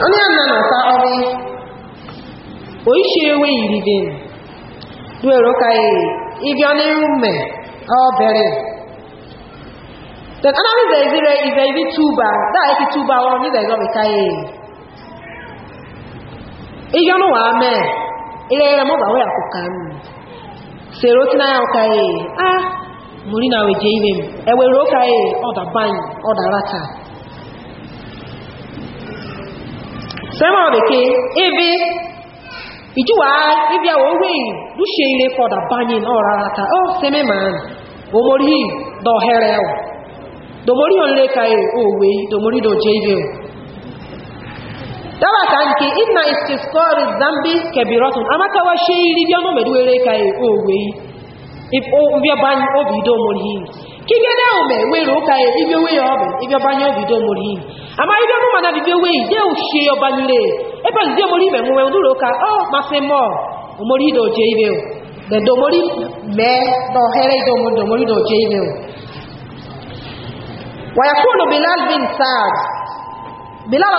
onye nna na-asa ọrụ oishi ewe irivin duero ka ibi ọnụ ume ọbere then anami zai zire izai zi tuba ah, e da aiki tuba wọn ni zai zobe kaye iyonu wa me ile ile mo ba we akuka nu sero tina ya kaye ah muri na we je iwe mu ewe ro kaye oda ban oda sẹ́wọ̀n àbèké ebe ìjúwà ibi àwọ̀ owó èyí ló ṣe ilé kọ̀dà báyìí náà rárá ta ó sẹ́mẹ́ màá nì dọ̀hẹ́rẹ́ ọ̀ dòmórí ò lè ka òwe dòmórí dò jẹ́ ibi ò dábàtà nke ina istiskori zambi kebirotun amakawa ṣe iri bí ọmọ mẹ̀dúwẹ́rẹ́ ka òwe ka obi amaghịdị ọnụ mana dịdị ewe ide ochie ọbanyere ebe ọdịdị omori ime nwe ndị ụlọụka ọ masị mọ omori ide oche ime o dedo omori mee na ohere ide omori ide omori ide oche ime o ويكون بلال بن سعد بلال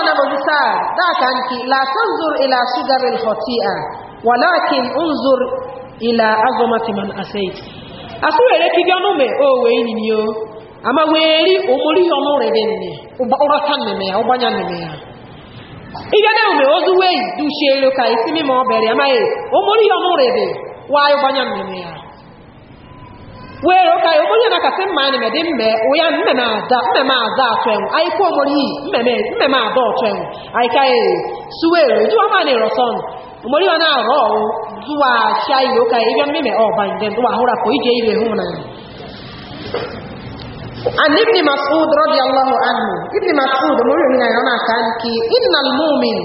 were nne ụrọta nneme ya ụgbanya nneme ya ihe na-eme ozu duchie elu ka isi mime ọbere amaghị ya ọmụrụ ebe waayị ụgbanya nneme ya were ụka ya na kasị mma anyị dị mme ụya mmeme ada atụ enwu anyị kwuo mmeme ọtụ enwu anyị ka ya ọma na ịrọsọnụ omori ya na-arọ ọwụ zuwa ụka ya ndị ndụ عن ابن مسعود رضي الله عنه ابن مسعود مريم من na كان كي إن المؤمن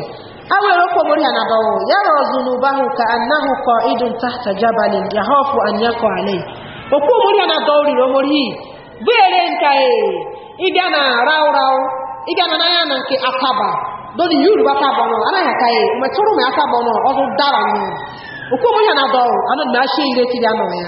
أول ركوب مريم أبو يرى ذنوبه كأنه قائد تحت جبل يخاف أن يقع عليه òkú omori ana dọwri omori bere nka e ịbịa na raw raw ịbịa na n'anya na nke akaba dọdị akaba nọ anaghị aka e. metụrụ m akaba nọ ọdụ dara nọ òkú omori ana dọwri anọ na-achị ire tiri anọ ya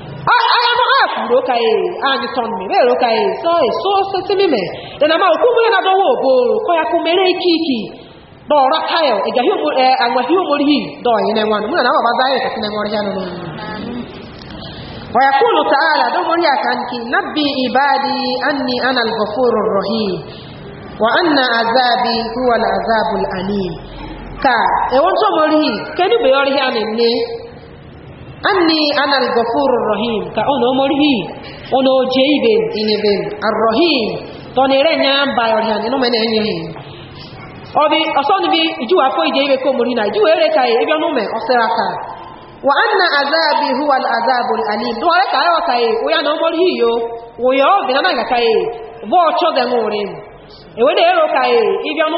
akwuru ah, ah, ah, ụka ya anyị tọ mmiri ere eh, ụka ya sọ eso setimime dana ma okwu mmiri na-adọwa oboro kọ ya kumere ike iki dọọrọ kayo ịgaghị eh, agwaghị omorihi dọọyị na nwanụ mụ na ama baza ya kasị na ya nọ ويقول تعالى دمريا كانك نبي عبادي أني أنا الغفور الرحيم وأن عذابي هو العذاب الأليم كا anni ana al-ghafur rahim ka ono morhi ono jeibe inebe ar-rahim to ne re nya no enye obi bi ju afo jeibe ko morhi na ju ere kai e, me osera ka wa anna azabi huwa al-azab alim do kai e, e, no morhi na na kai bo ocho de ewe de ero kai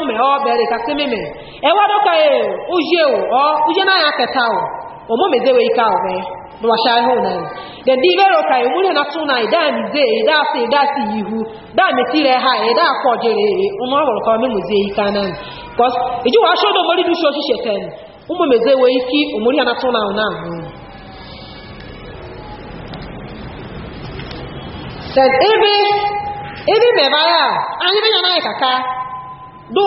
me o bere ka sememe ewa do kai o omomezewe ike ahụ mee n'ụwacha ihe ụnanya then di ibero ka emuri na si ihu da metire ha ida kwojere ụmụ ọhụrụ ka ike anan because iji wa du ike omuri na tuna ebe ebe na do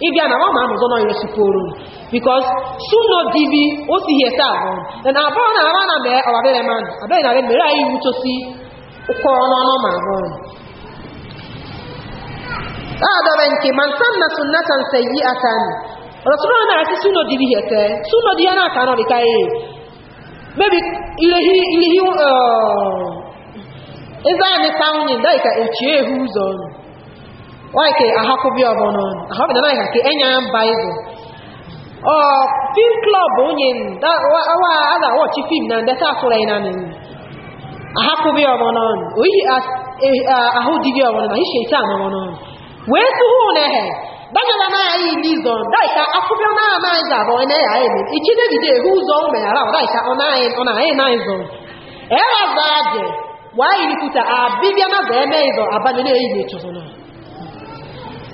ịbịa na nwa ma anụzọ na yosiporo bikos suno divi o si hie taa bụ na abụọ na ara na mee ọwabere ma abịa na mere anyị wuchosi ụkọ ọnụọnụ ma abụọ adọbe nke ma nsa na sunnata nse yi aka ni Ọtụtụ suno na ati suno divi hie tee suno di ya na aka nọrị ka ee mebi ilehi ilehi ịza um, anyị saunyi ka echie ehu ụzọ wáyìí àhákó ahakubi ọmọ náà na náà náà kàkí ẹ̀yà ń ba ọ film club onye wá àdà wọ́ọ̀chí film na ndẹ́ta àtúrẹ̀ iná na àhákó bí oyi ahụ dìbí ọmọ náà ìṣe ìta àmọ́ ọmọ náà wèé tú hù n'ẹ̀hẹ̀ dájọ́dá náà yìí ní ìzọ dáìka akúbíọ́ náà náà na àbọ̀ ẹ̀nẹ́ yà ẹ̀mí ìchí ehu ụzọ ọ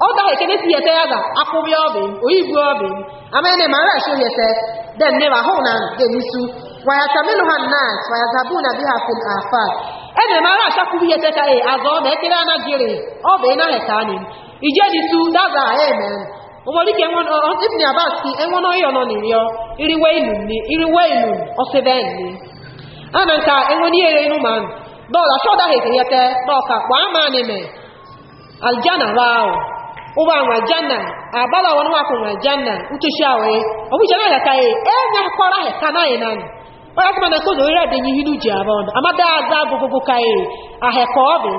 gaghị ekene si yete ya ga akwụbi ọbị oyibu ọbị amene mara ashu yete den ne ba hona de nisu wa yatamilu hannas wa yazabuna biha fil na ene mara asha kubi yete ka e azo na ekere ana gire ọbị na heta ni ije nisu daza amen omori ke won ibn abbas ni yo iriwe ilu ni iriwe ilu ni yete ama aljana ụba janna agbala wọn wakọ nwajana utoshi awe ọmụja na agaka ye enya kwara he kana ye nani ọya kuma na ko na ohere adenye ihe n'uji aba ọnụ amada aza agogogo ka ye ahe ka ọ bụ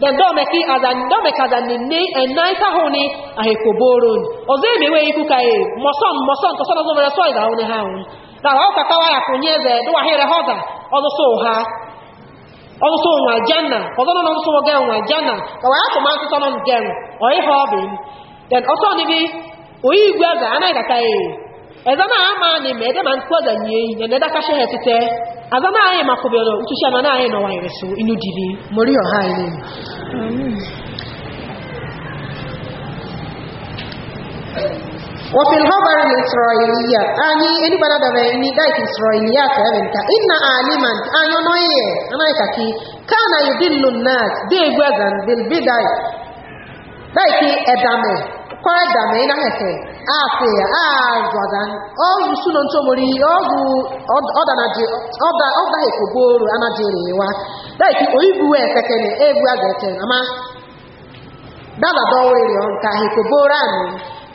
dan dọmeki azan dọmeki azan nne ẹna e ịta hụ ni ahe ka oboro ni ọzọ emewe ikwu ka ye mọsọn mọsọn tọsọ na ọzọ mere sọ ịza ahụ ni ha ahụ na ọ kakawa ya kụnye eze dụwa ha ire ha ọza so ha ọtụtụ nwa janna ọzọ nọ n'ọtụtụ nwoke nwa janna ka wee akụma atụtụ nọ nke m ọyị ha ọbị m then ọtọ n'ibi oyi igwe aga anaghị daka ya eze na ama anyị ma ede ma nkụ ọza nye eyi na ndeda kasha ha tete aza na anyị makwụbere ntụchi ama na anyị nọwa yere so inu diri mori ọha anyị Amen. nye ndị ọgaranya sọrọ ịnị ya anyị enyigbana ada n'eyi na anyị sọrọ ịnị ya ka anyị na anyị ma anyị ọna ịhịa anaghịkaki ka anyị dị nnụnụ naakị dị egwu ezanụ dị n'ubi ndịda anyị. daa eki edamu kwa edamu ị na-aheti asị ya aa gwadaa ọrụ n'osu n'otu ọmụrụ ihe ọgwụ o igbuwe etete na egwu eze ete ama dada dọwa ihe nke hepụgoro anụ.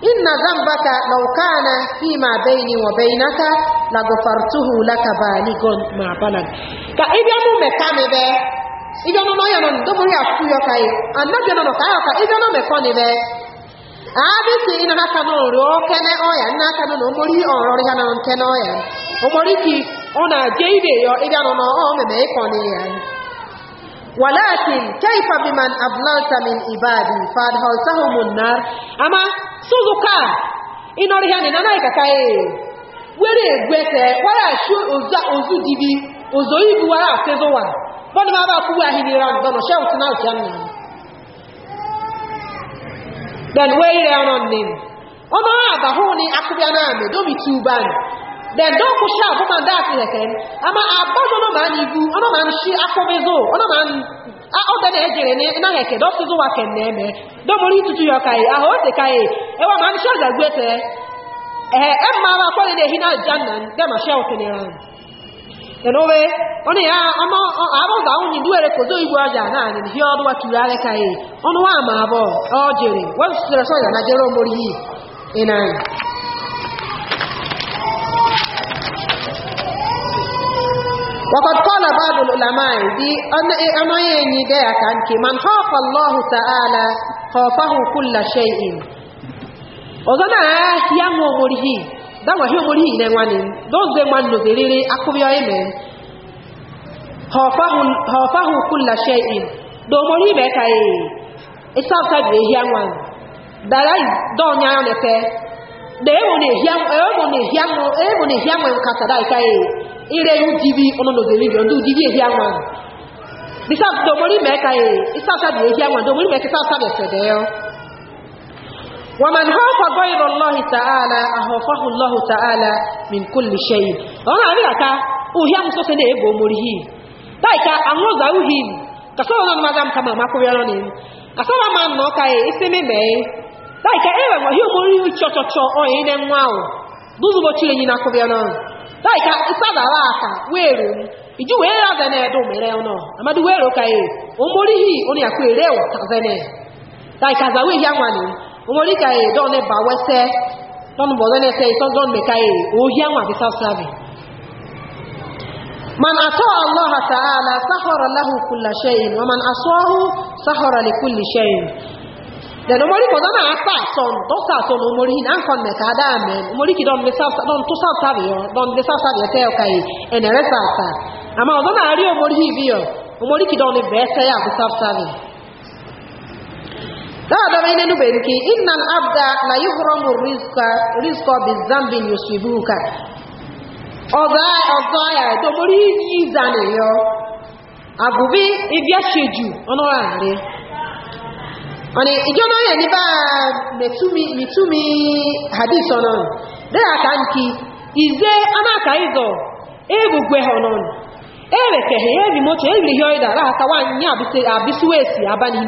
inna zambaka law kana fi ma baini wa bainaka la ghafartuhu laka baligon ma balag ka ibya mu mekani be ibya no ya no do ya ku yo kai annabi no ka ya ka ibya no mekoni be abi ti ina ha ka no ro kene oya na ka no mori oro ri ha no kene oya o mori ki ona je ibe yo ibya no no o me me ikoni ya ولكن كيف بمن fad من عبادي ama النار أما سوزوكا إنوري هاني ikaka كاي were egwete wara ashu ozu ozu dibi ozo ibu wara atezo wa bọ́n ma bá kúwé ahìnira ọ̀dọ́nà then don ko i ko eh? eh, man da ti ah, a ama abojo no man igu ono man shi akobezo ono man a o ejiri na ejere ni na he do tuzu na do mori tutu yo kai a ho te kai e wa man sha gwete eh e ma wa ko ni hina jannan ma ni ran ono ya ama abo da unyi igu aja na ni hi odu wa tura kai ono wa ma abo o jere wa ya na وقد قال بعض العلماء أما يني ديك أنك من خاف الله تعالى خافه كل شيء ọ̀zọ́nà ya mú omori hì dáwọn hì omori hì ilẹ̀ wọn ni dóòzé wọn nù bèrèrè akúbíọ́ ẹ̀mẹ́ họ̀fáhùn kúlà ṣe in dòmori mẹ́ta èè ìsáfẹ́bì èhì ire ihu divi ọnọdụdịrị ndị ụdịdị ehi anwa bisa domori meka e isa ehi anwa domori meka isa sabi efede yo ومن خاف غير الله تعالى أخافه الله تعالى من كل شيء أنا أقول لك أوهي أمسو سنة إبو مريه تايكا أموز أوهين كسوة نان مدام كما ما كويرانين كسوة ما نوكا إسمي مي تايكا تشو تشو دوزو Like ịsada ala aka weeru iji wee ya zene do mere ọnọ amadu weeru ka ye omori hi oni akụ ere o ka zene like aza we ya nwani omori ka ye don ne ba wese don bo zene se ison don me ka ye o ya nwa bi sa sabi man ato allah ta'ala sahara lahu kullu shay'in wa man asahu sahara li kulli shay'in then omori ko dona asa son to sa son omori na kon me ka da men omori ki don me sa don to sa sa yo don me sa sa yo te ene re sa sa ama o dona ari omori hi bio eh, omori ki don be sa eh, ya bu sa sa ni da da me na nu be ki innal abda la yuhramu rizqa rizqa bi dhanbin yusibuka ọ̀dọ́ ọ̀dọ́ ẹ̀ tó mórí ní ìzànìyàn àgùbí ibi ẹ̀ṣẹ̀jù ọ̀nà àárín wani ijo na ni ba hadith onon de aka nke ize ana aka izo ebugwe onon ebe kehe ebi moto ebi hio ida ra aka wanya abise abisu esi abani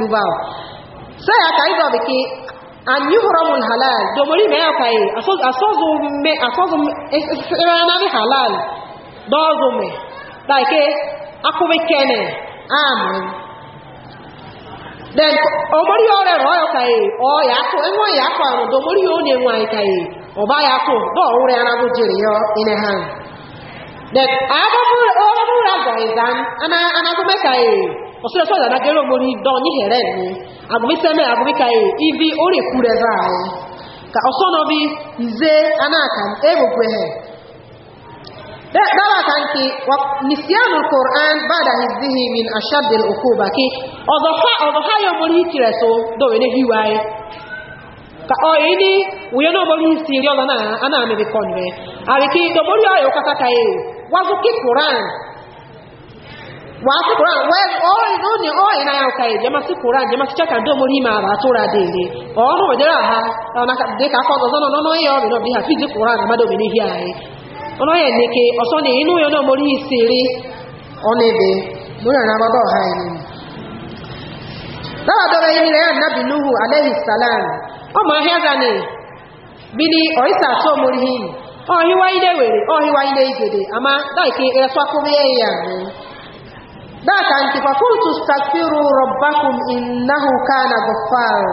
aka ịzọ bi ki halal do mori me aka yi e, asozo asozo me e, e, halal then omori ore royo kai o ya ko enwo ya ko anu do mori o ne nwa kai o ba ya ko do ore ara go jiri yo ine ha then aba bu o ba bu ra go izan ana ana go make kai o so so da na gero mori do ni here ni agu mi se me agu mi kai ibi ore kure za ka o so no bi ze ana kan e go gwe he dara ka nke nisian quran bada hizbihi min ashad al ki ozofa ozofa yo mori so do we ne hiwai ka o ini we no mori siri ozo na ana me konwe ari ki do mori ayo kaka kai e. ki quran quran we o no ni o ya kai e, jama si quran jama si chaka do mori ma ba o no ha na ka de ka ko ozo no no yo bi no bi ha fi ma do ọ̀nà yẹn ní ọ̀sọ́ ni inú yẹn náà mo ìsìrí ọ̀nẹ́bẹ̀ mo yàrá bọ́bọ̀ ọ̀há ẹni ni lọ́wọ́dọ́rọ̀ yìí rẹ̀ ànábì lúhù alẹ́yìn sàlám ọmọ ahẹ́gà ni bí ni ọ̀ísà tó omori yìí ọ̀híwá ilé wèrè ọ̀híwá ilé ìgèdè àmá dáìkì ẹ̀sọ́ akúrú yà ni dáàkà ntìfà fún tùsàfírù rọ̀bákùn gọ̀fàrù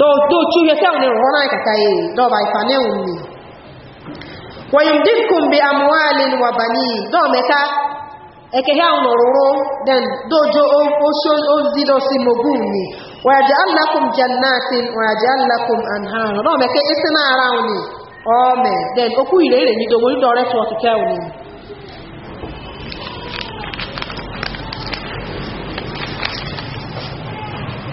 dọ̀ọ̀tú yẹ sẹ́wọ̀n ní rọ̀rọ̀ náà kàkà yìí dọ̀ọ̀bà ìfànẹ́wò mi wọ̀nyìn dínkùn bí amúhálì wà bà ní dọ̀ọ̀mẹ́ta ẹ̀kẹ́ hẹ́ àwọn òróró dẹ̀n dọ́jọ́ ozi jannatin e ara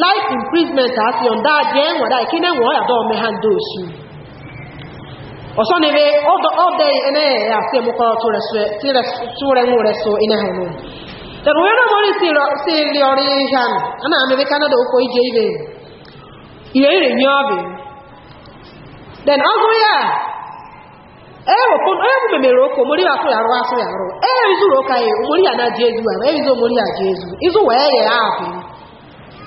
life imprisonment asị ọ ndị adị ike na enwe ọya dọọ meha ndị osu ọsọ n'ebe ọdọ ene ya asị emụkọ tụre nwere so ine ha nụ tẹ̀rù wẹ́n náà mọ́rí sí ilé ọrí ìhàn ana àmìrí canada okò ìjẹ ibẹ̀ ìrẹ̀ ìrẹ̀ ní ọbẹ̀ then ọgụrụ ya ewu memere okò mori ya arụ arụ ụka ya omori ya na ji ezu omori ya ji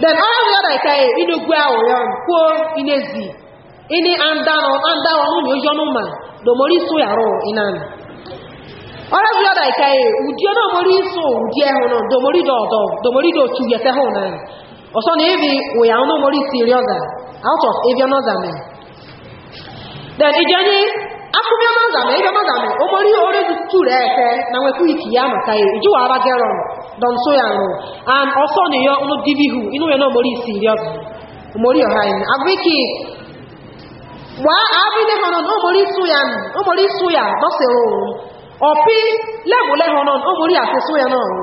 then ahụ ya na ka inegwu ahụ kwuo inezi ini andanọ andanọ nwunye ozi ọnụ ma domori isu ya inan ọrụ ụdị ọnụ omori ụdị domori ọdọ domori dị otu ya tehụ na na ebi ụya no omori isi uh, out of ebi ọnụ akụbịa maza ma ịbịa maza ma omori ore tụrụ eke na nwekwu iki ya maka ya iji wara gero dọ ya nrụ and ọsọ na ya ọnụ dibihu inú ya na omori isi iri ọzọ omori ọha ya abụiki gbaa abịne ha nọ na omori sụ ya omori sụ ya dọsịrị ụrụ ọpị lebụle ha nọ na omori asị ya n'ọrụ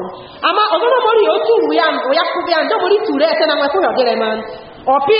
ama ọzọ na omori otu uru ya ụya kụbịa ndị omori tụrụ eke na nwekwu ya ọgịrị ma ọpị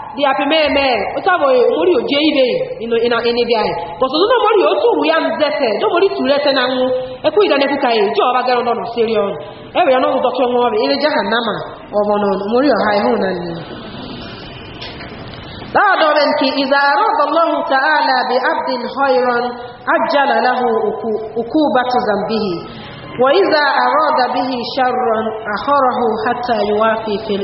di apị meme ụtabụghị omori oje ibe ina uh, enebe eh. anyị bọsọ ndị omori otu ụmụ ya nzete domori turete na nwụ ekwu ịga na ka ya ji ọba gara n'ọnụ siri ọnụ ewere n'ọnụ dọkịta nwa ọbịa ire jaha nama ọbọnọ omori ọha ihu na nne láàdọ̀rẹ̀ nke ìzàárọ̀ ọlọ́run ta'ala bí abdin hoiron ajala lahu ukú zambihi wa iza bihi hatta yuwafi fil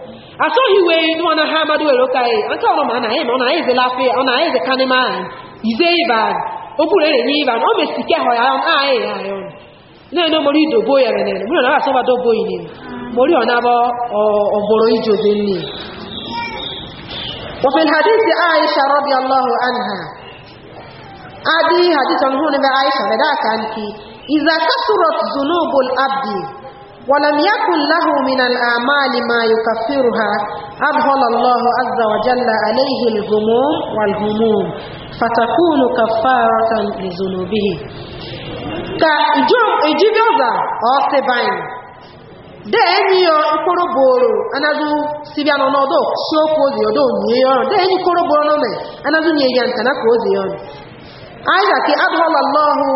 asọghị iwe nwa na ha amadụ were ụka ya ọrụ ma anaghị ma ọ naghị ezela afọ ọ naghị eze kanị ize ịba okwuru ere nye ịba o mesi ke ha ya anyị ya ya ọnụ nene mori dobo ya rene eh, mori na asọba dobo yi ne mori ọ nabọ ọbọrọ ije ozi nne وفي الحديث عائشة رضي الله عنها أدي حديث عنه عائشة ذاك أنت إذا كثرت ذنوب الأبد ولم يكن له من الأعمال ما يكفرها أبهل الله عز وجل عليه الهموم والهموم فتكون كفارة لذنوبه كجبزة أصبعين deenyi yo ikoro boro anazu sibia no nodo soko ozi odo ya yo nye ya nta na ozi yo aida ke adhallallahu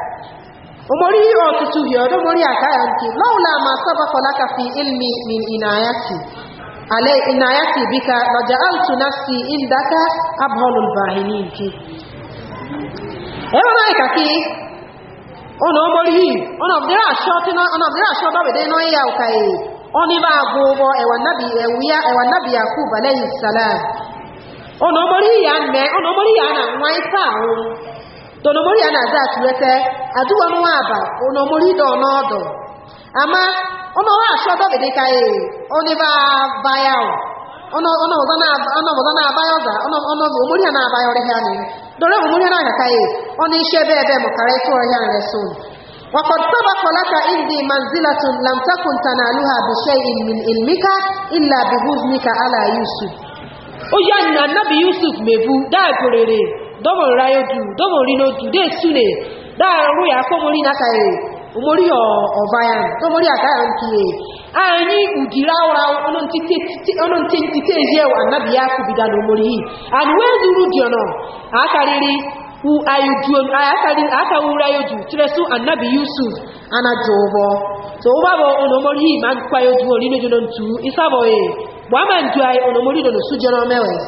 omori ọtụtụ uhie ọdụmori aka ya nke laula ma sabakolaka fi ilmi min inayati ale inayati bika lọja altu nafsi indaka abholul bahini nke ẹwọ náà kàkí ọ̀nà omori yìí ọ̀nà ọ̀bẹ̀rẹ̀ aṣọ dọ́bẹ̀dẹ̀ náà yà salam nwa ahụ tonomori a na-aza atụlete adụwanwa aba onomori dọ n'ọdụ ama ọnọwa achọdọbe dịka e ọnịba baya ọnọbọdọ na-abaya ọza ọnọbọ omori a na-abaya ọrịa anyị dọrọ omori na-aka e ọ na ebe mụkara ịtụ ọrịa nreson وقد سبق لك عندي منزلة لم تكن dọ́bọ̀ ńlá yóò dù dọ́bọ̀ rí ló dù dé súlẹ̀ dáàrọ̀rú yà kó mórí nákàrẹ̀ mórí ọ̀bá yà tó mórí àkáyà ń kíyè ààyè ùdìráwọ̀ra ọlọ́n tí ti tẹ́ yà kú bìdá lómórí yìí àdúwẹ́ dúró dì ọ̀nà àákàrírí àákàwúra tó wọ́n bọ̀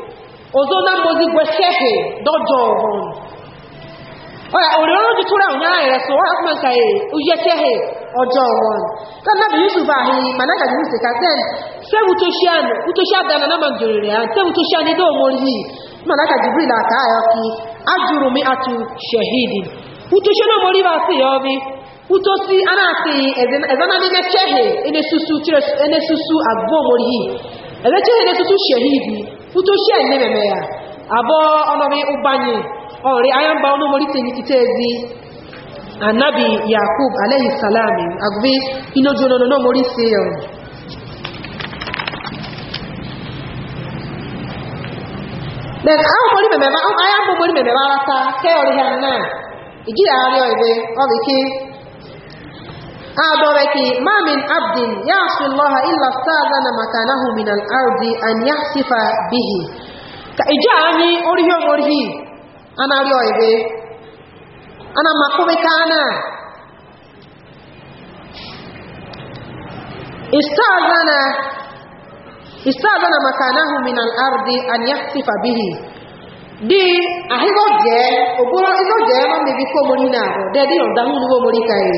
ozona mbozi gweshehe dojo hon oya orioro ti tura onya ere so wa kuma e, ka e uyechehe ojo hon kana bi yusuf ahi manaka ni se ka ten se utoshian utoshian dana na manjore ya se omori do mori manaka jibril aka ayo ki ajuru mi atu shahidi utoshian mori ba si yo bi utosi ana ati ezana ni ne chehe ene susu tire ene susu agbo mori ebechehere tutu shehidi tutu shehidi nememe ya abụọ ọnọdụ ụbanye, ọrịa anya mba ọnụ mori ezi anabi yakub alayhi salam agụbi inoju no no si ya mememe adoreki ma min abdin yasi llaha illa stadana makanahu min al ardi an yasifa bihi ka i e jaami orhi o morhi ana ryoy ɓe ana makkuɓe kana istadana istadana makanahu min al ardi an yasifa bihi di a hiɗo jee o ɓuro ino jeemo mi bikko morhinaago de ɗi o dahunu wo mori kaye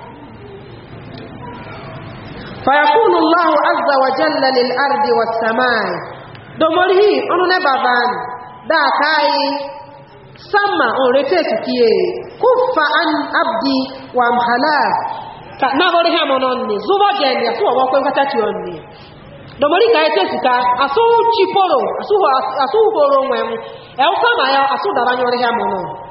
فيقول الله عز وجل للأرض والسماء دمره أنه بابان دا كاي سما أوريتسكي كف عن عبدي وامحلا نابره منوني زوبا جني أسوأ وقوم كتاتيوني dọ̀mọ̀rí ka ẹ̀tẹ́ síta asóhùn chiporo asóhùn boro nwẹ̀mú ẹ̀wọ́n sáàmà ya asóhùn dàbányọ́rí hẹ́mù náà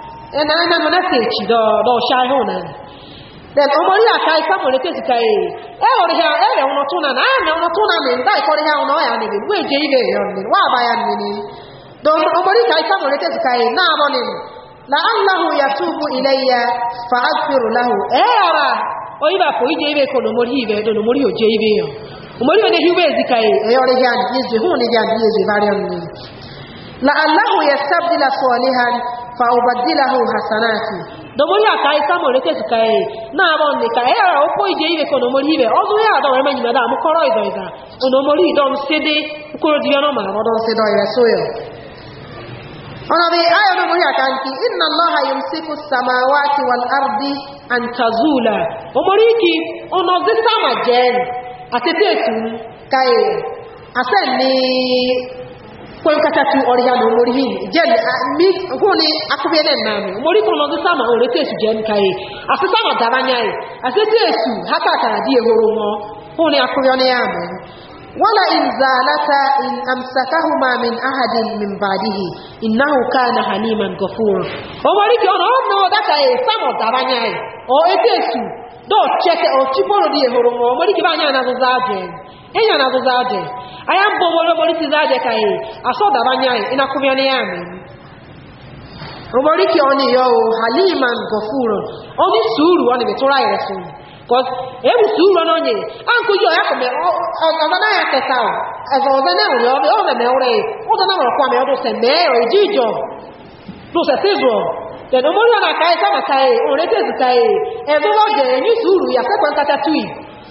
ẹnà ẹnà mọ̀ náà kèèkì dọ̀ọ̀dọ̀ ṣááhù náà then ọmọ rí àká ìsámù rẹ̀ tèsì ka èyí ẹ ọ̀rẹ́ ha ẹ rẹ̀ ọ̀nà tó náà náà ẹ̀mẹ̀ ọ̀nà tó náà mi dá ìkọrẹ́ ha ọ̀nà ọ̀yà nìyí wọ́n èjè ilẹ̀ ẹ̀yọ̀ nìyí wọ́n àbá ya nìyí dọ̀n ọmọ rí àká ya fa ágbèrò láhu ẹ ara oyin bá kò ìjẹ ibẹ̀ kọ lomori ibẹ̀ dọ̀ lomori òjẹ ibẹ̀ yàn omori òde hiwé èzìkà yìí ẹ̀yọ́ rẹ̀ hàn ní ìzè hùn ní ìyá ní ìzè varian ni la aláhu ya faubadilahu hasanati domori aka isa mo rete suka e na ka e ara opo ije ibe ko ibe ozu ya izo iza do msede ma ro do ona bi ayo aka inna allaha yumsiku samawati wal ardi an tazula omori ki ono etu kai kwenkata kata tu ori ya no mori je mi huni akubi ene na mi mori ko lo di sama o rete esu je nka ị, asịsa sama da banya yi ase ti esu haka kara di ehoro mo huni akubi one ya mo wala in zalata in amsakahuma min ahadin min ba'dihi innahu kana haliman ghafur o mori ki ono no da ka e sama da anya ị, o ete esu do cheke o chiporo di ehoro mo mori ki banya na zo za enyo na buzaade aya mbo wolo moliti zaade kai asoda banyai inakubyane yami rumori ki oni yo haliman gofuro oni suru oni betura ire fun cause ebu suru ono nye anko yo ya kome ọzọ na ya teta o ẹzọ ọzọ na ori ọdọ ọzọ na ori ọzọ na ori kwame ọdọ se mee o iji ijọ lo se sizuo then omori ona kai sama kai orete zu kai ẹzọ lọjẹ enyi suru ya sekwentata tui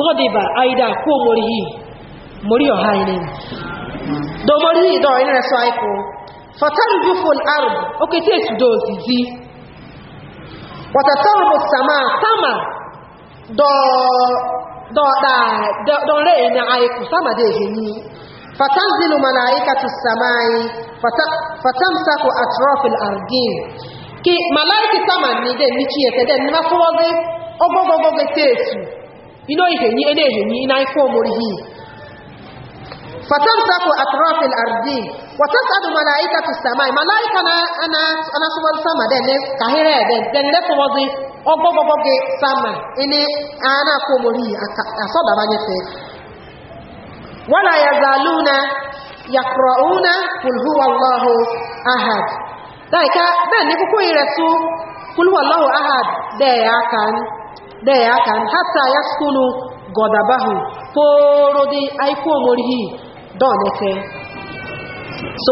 gọdịba aida kwụ omorihi mori ọha do domorihi do ina so aiko fataru bifun arb okete esudo ozizi watataru bu sama sama dọrọ na aiko sama da ehini fatanzilu malaikatu samai fatamsaku atrofil argin ki malaiki sama ni de michi yete de nima fọwọzi ọgbọgbọgbọ teesu ino ihenyi ene ehenyi ina ikwa omori hii fatamsaku atrafil ardi watasadu malaikatu samai malaika na ana ana suwal sama den ne kahire den den le suwazi ogogogoge sama ine ana kwa omori asoda banye te wala yazaluna yakrauna kul huwa allahu ahad daika dan ne kuku iresu kul huwa allahu ahad de ya kan dee ya hata ya sunu godabahu poro di aiko morihi donete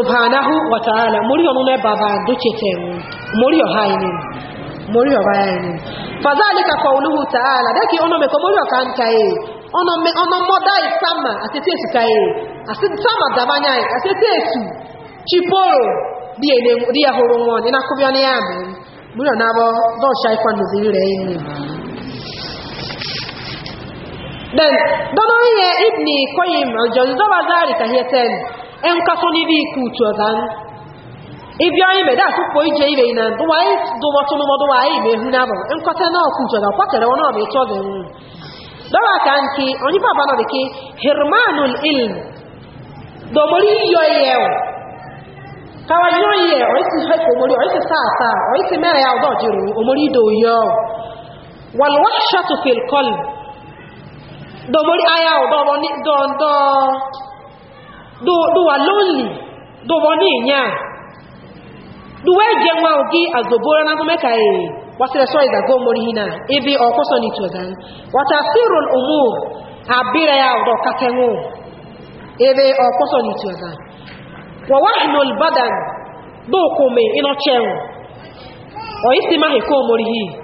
subhanahu wa ta'ala muriyo nune baba duchete mori haini muriyo bayani fadhalika qawluhu ta'ala daki ha me ko muriyo kan kai ono me ono moda isama atete su kai asidi sama dabanya atete su chiporo di ene di ahoro won ina kubyo ni amen muriyo nabo then dono ihe ibni koyim ojo zoba zari ka en ka ni bi ku chodan ibyo ime da ku po ije ire ina do wa do wa to mo wa ime hu bo en kote na ku chodan ko tere wona to be hu do oni baba no de ki hirmanul ilm do mori yo ye o yo ye o si he ko mori o si sa sa o si mere ya do jiru o mori do yo wal wahshatu fil qalb domori aya odobo ni dondo do do wa lonely do boni nya do we je nwa ogi azobora na go meka e wasere so that go mori hina ibi okoso ni tozan wata sirul umur abira ya odo katenwo ibi okoso ni tozan wa wahnul badan do kome ino chewo o isi ma he ko mori hii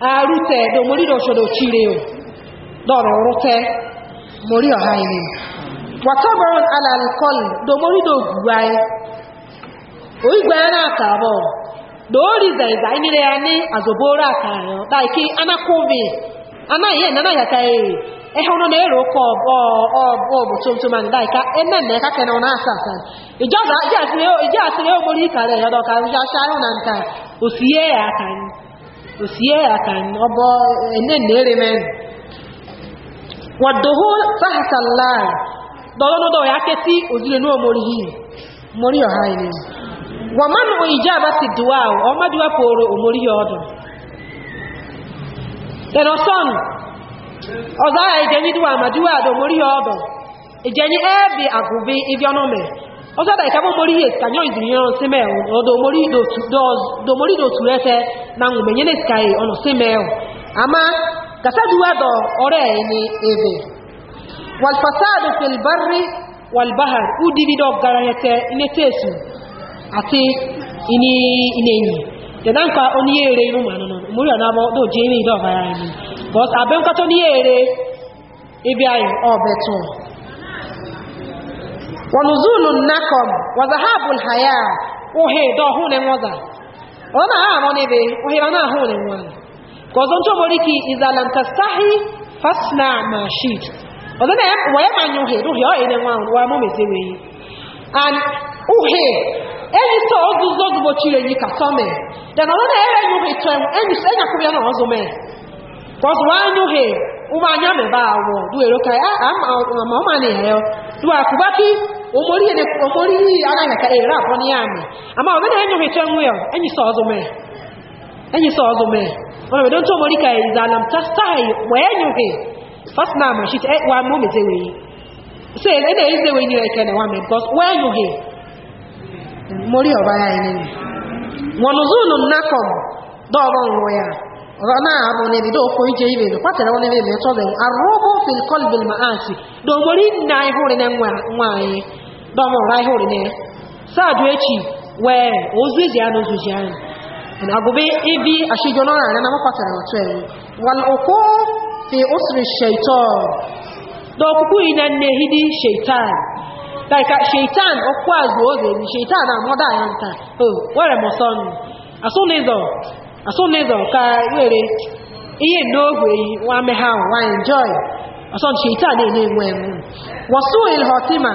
arute do mori do shodo chire o doro rute mori e. o haini wa ala alkol do mori do guai o igba na ka do ri zai ya ni re ani azobora ka yo ki ana ana ye na na ya kai e, e no na eru ko obo bo tum tum an ka ka ijo za ja o ijo o mori ka re yo do ka ja sha na nta osie e ya ọbọ ene nere men wadoho sahasalla dọlọdọdọ ya kẹtí òjìlẹ ní omori yìí mori ọha ilẹ wọn máa nù ìjà bá ti dùwà ọ ọmọdéwà pòrò omori yọ ọdún tẹnọsọn ọzọ àyà ìjẹni dùwà àmàdíwà omori ọjọ́ da ìkàbọ̀ mori yẹ tanyọ ìdìyàn sí mẹ́rin ọdọ̀ mori dòtù ẹsẹ na ń gbẹ̀yẹ́ lè sky ọ̀nà sí mẹ́rin àmá gàṣẹ́dúwẹ́dọ̀ ọ̀rẹ́ ẹni èdè wàlfàṣáàdù fèlbárì wàlbáhà kú dídídọ̀ garayẹtẹ ilé tẹ́ẹ̀sù àti iní ilẹ̀yìn yẹ̀dáǹkà oníyèrè inú mànúnà mórí ọ̀nàbọ̀ dòjì ní ìdọ̀ ọ̀bára ẹni ibi ayọ̀ ọ̀bẹ̀tún ونزول النكم وذهاب الحياة وهي دهون وذا وانا عامل به وهي انا هون وانا كوزون تبوريكي إذا لم تستحي فاصنع ما شئت ọdún ẹ̀ ẹni sọ ọzọ wọ́n á bá omori ele omori yi ara ka era bo ni ami ama o na enyo hwe nwe enyi so ozo me enyi so ozo me don omori ka iza lam enyo e wa mo me ze we so ele na ize we ni eke na wa me because wa enyo hwe mori o ya ni wonu zunu nakom do bo ya rana abu ne bido ko ije ibe woni me to be fil dɔmɔ ɔra ihe ori ne echi do ozu wɛɛ ozuzi ano agobe ibi ahyɛnjɔ no ara nam akɔtara ɔtɔ fi osiri shaitan dɔ na nne hidi shaitan daika shaitan ɔkɔ azu oge mi shaitan a mɔda ayɛ nta o wɔrɛ mɔ aso lezɔ ka were ihe n'ogwe yi wa wa enjoy ɔsɔn shaitan na-enye enwe enwe wɔso ilhotima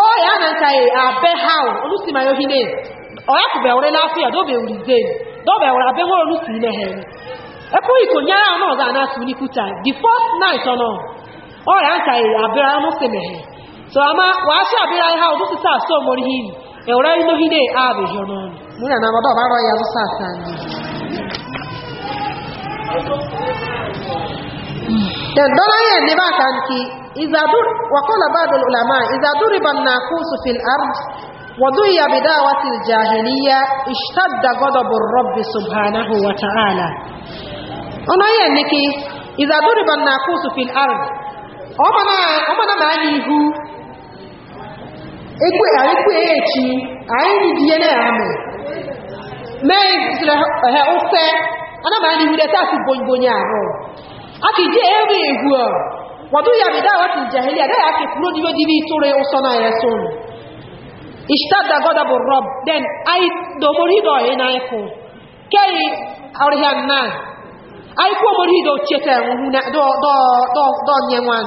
ó yà nà a ha ò olùsì máa yọ hinne ọ̀yà kò bẹ̀wọ̀rẹ́ láfíà dó bẹ̀ wùrì zé dó bẹ̀wọ̀rẹ́ abẹ́ wọ́n olùsì ilẹ̀ hẹ̀ the first night ọ̀nà ó yà nkà yìí e, abẹ́ ha so àmà wàá ṣe abẹ́ ha ọ̀dún so mori hin mọ́rí hìn ẹ̀wọ̀rẹ́ inú hinne dan dɔla ne b'a nke ki izadur wa qala ba'd al ulama izaduriba an-naqus fil ard wa duya bi da'wati al jahiliya ishtadda ghadabu ar-rabb subhanahu wa ta'ala ona yɛ ne ki izaduriba naqus fil ard o mana o mana ba ni hu ekwe ari kwe echi ayi ni die na ame me isra ha ofe ana ba ni hu de ta su bonbonya aro akìjẹ́ ẹ̀rẹ́ ìhù ọ̀ wọ̀dú yàrí dáwà ti jẹ̀hìlì àdáyà kì kúrò ní yóò dìbí tó rẹ̀ ọ̀sọ́nà ẹ̀ sọ́nù ìṣtàdà gọ́dà bò rọ̀b den ayi dòmórí dọ̀ yìí náà kù kẹ́yì ọ̀rìhà náà ayi kú ọmọrí dọ̀ tiẹ̀tẹ̀ ẹ̀hún dọ̀ nyẹ̀ wọn.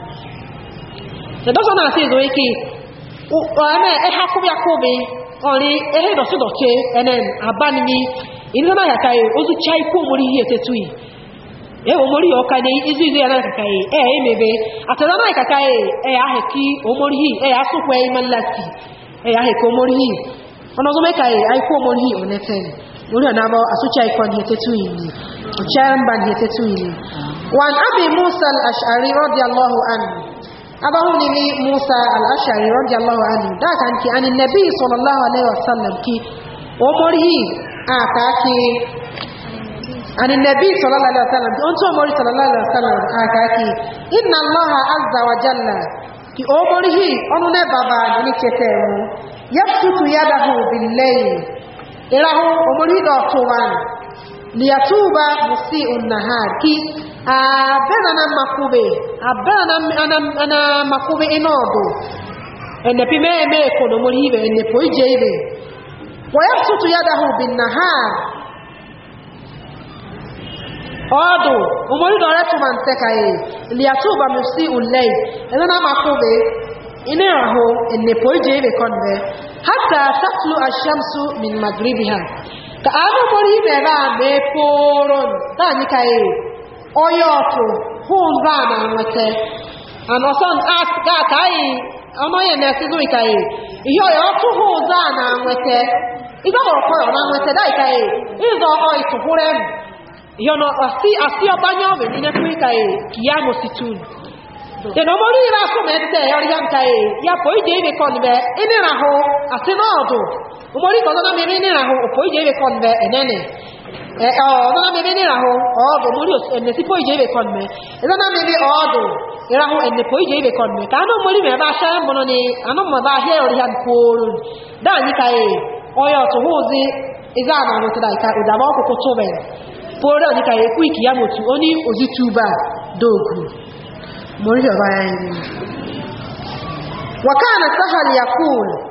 sèdọ́sọ́ náà sí ìzòwé kí ọ̀ẹ́mẹ́ ẹ̀há kúbíakúbi ọ̀rí ẹ̀hẹ́ ìdọ̀sídọ̀kẹ́ ẹ̀nẹ́ àbániyí ìlú náà yàtà yìí ó tún chá ikú òmórí yìí ètètú yìí ẹ̀ izu izu yàrá kàkà yìí ẹ̀ ẹ̀ mẹ́bẹ́ àtẹ̀dọ́ náà kàkà musa ashari allahu anhu abahuni ni musa al'ashari rọ́dí aláwọ̀ alì dáka nke a ni nabi sallallahu alaihi wasallam ki o mori a kaki a ni nabi sallallahu alaihi wasallam ki o tó mori sallallahu alaihi wasallam a kaki inna allaha azza wa jalla ki o mori ọnu ne baba ni kete mu ya tutu ya dahu billahi wani liyatuba musii'un nahar ki abena makube abena na makube inodo ene pimeme kono mulibe ene poije ibe wayabsutu yadahu bin nahar odo umuri dore tuma nteka e liyatuba musii'un lay ene na makube ine aho ene ije ibe konde hatta tatlu min magribiha ka ahụmụrụ ibe ebe a mee pụrụ naanị ka ị onye ọkụ hụ nzọ na nweta and ọsọ ga ka anyị ọnụ onye na-esizi ka e ihe ọya ọkụ hụ nzọ a na nweta ịzọ kọrọ na nweta daị ka e ịzọ ihe asị ọbụ ka dị na asụ ọrịa nka ya ije ime kọ n'ime ahụ asị n'ọdụ umori ka ọzọ mmemme ní ahụ ọpọ ije ebe kọmbe enene ọzọ mmiri ní ahụ ọdụ mmiri ije ebe kọmbe na mmemme ọdụ ịrahụ ije ebe kọmbe ka anụ mmiri mere ebe ahịa mbụnụ ni anụ mmụba ahịa ya nkwụrụ motu onye ozi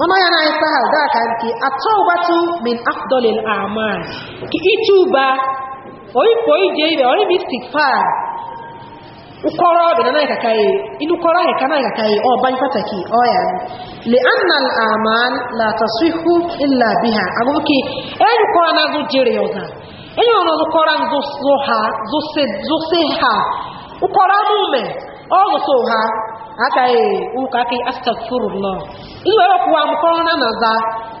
wọ́n máa yára ẹ̀ta àdá kàǹkì àtọ́wọ́bátú min afdolin aman kì í túbà orípo ìjẹ́ ibẹ̀ orí mystic fire ukọ́rọ̀ ọ̀dẹ̀ náà kàkàyè inú kọ́rọ̀ ẹ̀ka náà kàkàyè ọba ní pàtàkì ọ̀yà lè annal aman látàsíhú ilà bí ha agbókè ẹ̀yìn kọ́rọ̀ náà zó jèrè ọ̀gá ẹ̀yìn ọ̀nà zó Akai, ụka ka astagfurullah iwe okwu wa na naza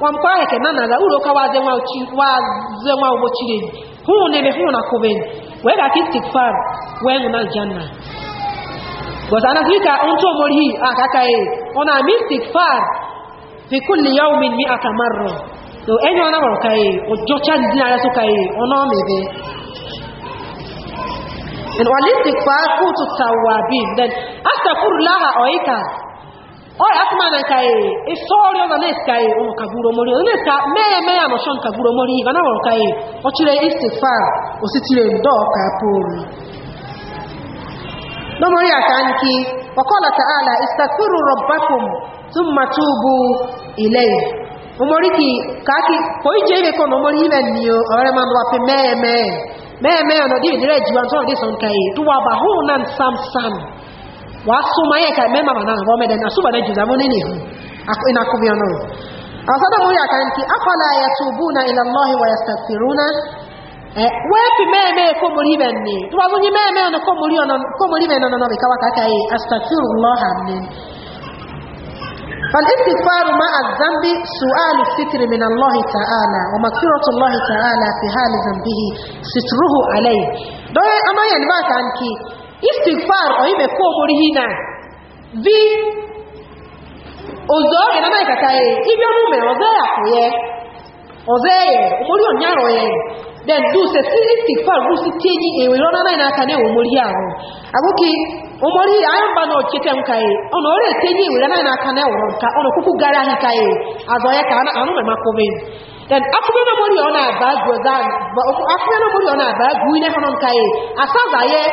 wa mkpọrọ na naza uru ka waze nwa uchi waze nwa ugbo chiri hụ nene hụ na kobe wee ga ka istikfar wee nụ na janna but anazi ka ntụ omori ah, aka akaghị ọ na ami istikfar fi kulli yawmin mi aka marro so na-agbara ka ihe ụjọ chajizi na ya ka ọ na and laha oika oya atumana kai isori ona neskai meye meye ndo ka kaki ko ije ile ko omori ile ni o ore pe meye meye meye di dire di son kai tu wa ba hu wasoma yeka mema banana vomede nasuba nejuza munini hu inakuvyono asada muri akanti afala yatubuna ila allahi wayastaghfiruna eh, wepi meme ko muri benni tubazunyi meme ono ko muri ono ko muri benno ono bikawa kakai astaghfirullah amni فالاستغفار مع الذنب سؤال الستر من الله تعالى ومغفرة الله تعالى في حال ذنبه ستره عليه. ده أنا ينبغي عنك istigfar oyi ime kwa na ozo ọrịa na kaka ya ibi ọrụ mere ọzọ ya kwụ ya ọzọ ya omori ọnya rọ ya then do se si istigfar bụ si na na omori ya ahụ omori anyị mba na ọchịte nka ya ọ na aka na-ewere nka ọ na gara ka ya azọ ya ka ọ na na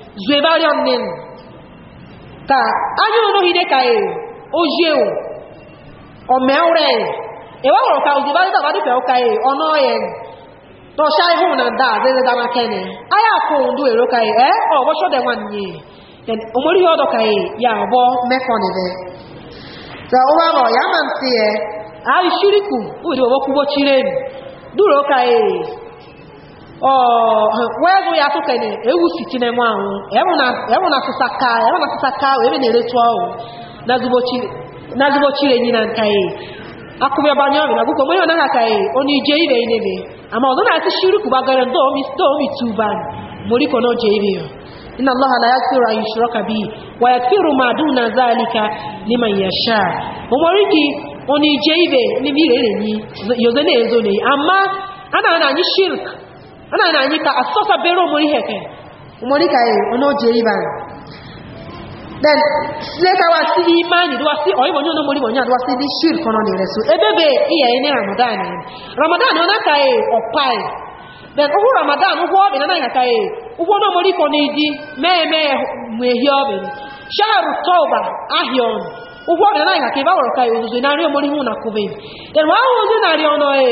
zuebari ọnịn ka anyị onughi dị ka e ojie o ọmịaure ewe nwere ka zuebari dịka dịpe ụka e ọnụ e. ọhịa ya ihu na nda adịrị dama kene anyị akụ ndụ ero ka e ee ọgbọchọ dị nwanyị ihe ọdọ ka e ya ka ya ma ntị ya e, a wee gụ ya atụkenye ewu siti e na ahụ e ewu na asụsa ka e na asụsa ka ebe na-eretu ọhụ na zubochire na nka akụbịa banye ọbịa na gụkọ onye ọnaghị aka onye ije ire inebe ama ọzọ na-asị shiri kubagara ndị omi moriko na oje ire ya الله لا يغفر يشرك به ويغفر ما دون ذلك لمن يشاء ومريكي شرك ana na anyị ka asọsa bere omori heke omori ka e, onye oji je iba then sile e. ka wasi imani do wasi oyi wonyo no mori wonyo do wasi di shir kono ni Ebe ebebe ihe ni ramadan ramadan ona ka ye opai then ohu ramadan ụgwọ obi na anaghị ka e. ye ụgwọ no mori kono idi me me mu ehi obi sharu toba ahịa ohu Ụgwọ na na anaghị ke ba woro ka ye ozuzu na ri omori hu na kubi. then wa ozuzu na ri ono e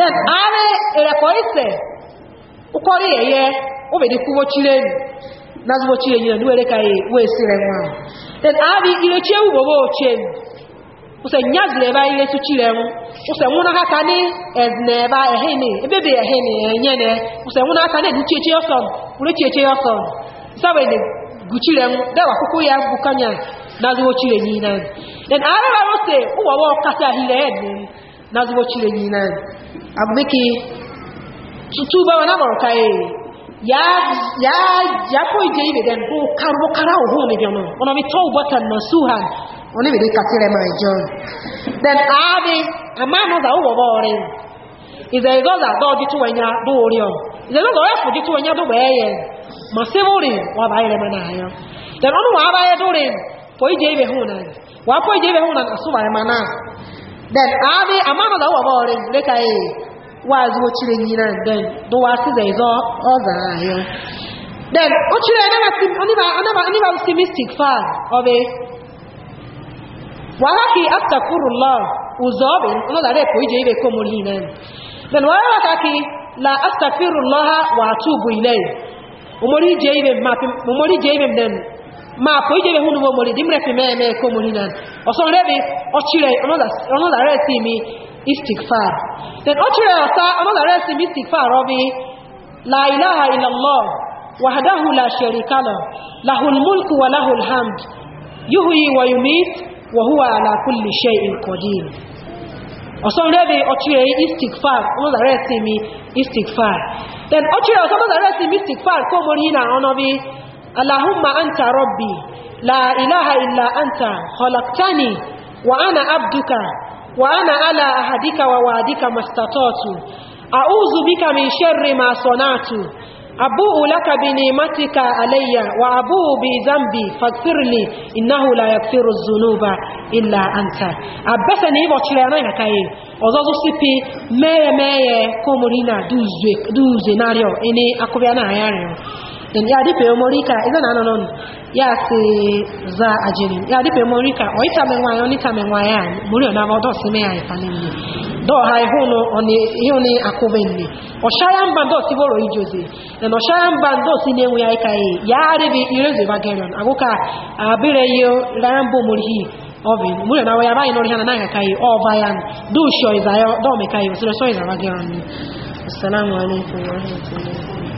then ari ìrẹ̀kọ̀ ìsẹ̀ ụkọrị ẹ̀yẹ obìnrin kwuwo chirenu n'azụwo chirenu na nwere ka wee sire nwa then ari irechi ewu gbogbo ochenu ụsọ nyaziri ebe anyị letu chirenu ụsọ ni enye ne ụsọ aka ni ọsọ ọsọ ya bukanya na then na zuwa cire nina abu muke tutu ba wani abu kaye ya ya ya ko ije ibe den ko karbo kara ohu ni jono ono bi to button no suhan oni bi ka tire mai jon then abi amano za uwo bore ize izo da do di tu wenya do ori o ize izo da fu di tu wenya do be ye ma se bore wa ba ire mana ayo then onu wa ba ye do re po ije ibe hu na wa po ije ibe hu na asuba e mana then ari amana da wabo re le kai e, wa zu chire nden then do wa zai zo o za ayo then o onye na na sim oni ba ona ba oni ba optimistic fa obe wa laki astaghfirullah ko ije ibe ko mori then wa wa ka ki ha astaghfirullah wa atubu ilay ije ma ije ibe ma ko ije be hunu mo mori dimre fi me me ko mori nan o so rebi o chire another another rest mi istighfar then o chire o sa another rest mi istighfar obi la ilaha illa allah wahdahu la sharika la lahul mulku wa lahul hamd yuhyi wa yumit wa huwa ala kulli shay'in qadir o so rebi o chire istighfar another rest mi istighfar then o chire o sa another rest mi istighfar ko mori onobi اللهم أنت ربي لا إله إلا أنت خلقتني وأنا عبدك وأنا على أهدك ووعدك ما استطعت أعوذ بك من شر ما صنعت أبوء لك بنعمتك علي وأبوء بذنبي فاغفر لي إنه لا يغفر الذنوب إلا أنت أبسني بوتشلانا يكاي أزازو سيبي مي مي كومورينا دوزي دوزي ناريو إني أكوبيانا هياريو in ya dipe morika idan na non ya za ya dipe morika o ita yo ya muri na ba do me ya pani ni do ha ihu no oni ihu ni ni o shaya mba do si boro ijoze o shaya mba do si ya ika e ya re bi ba gerion aguka abire yo rambo muri na wa ya ba inori hana na ya kai o ba ya do do me kai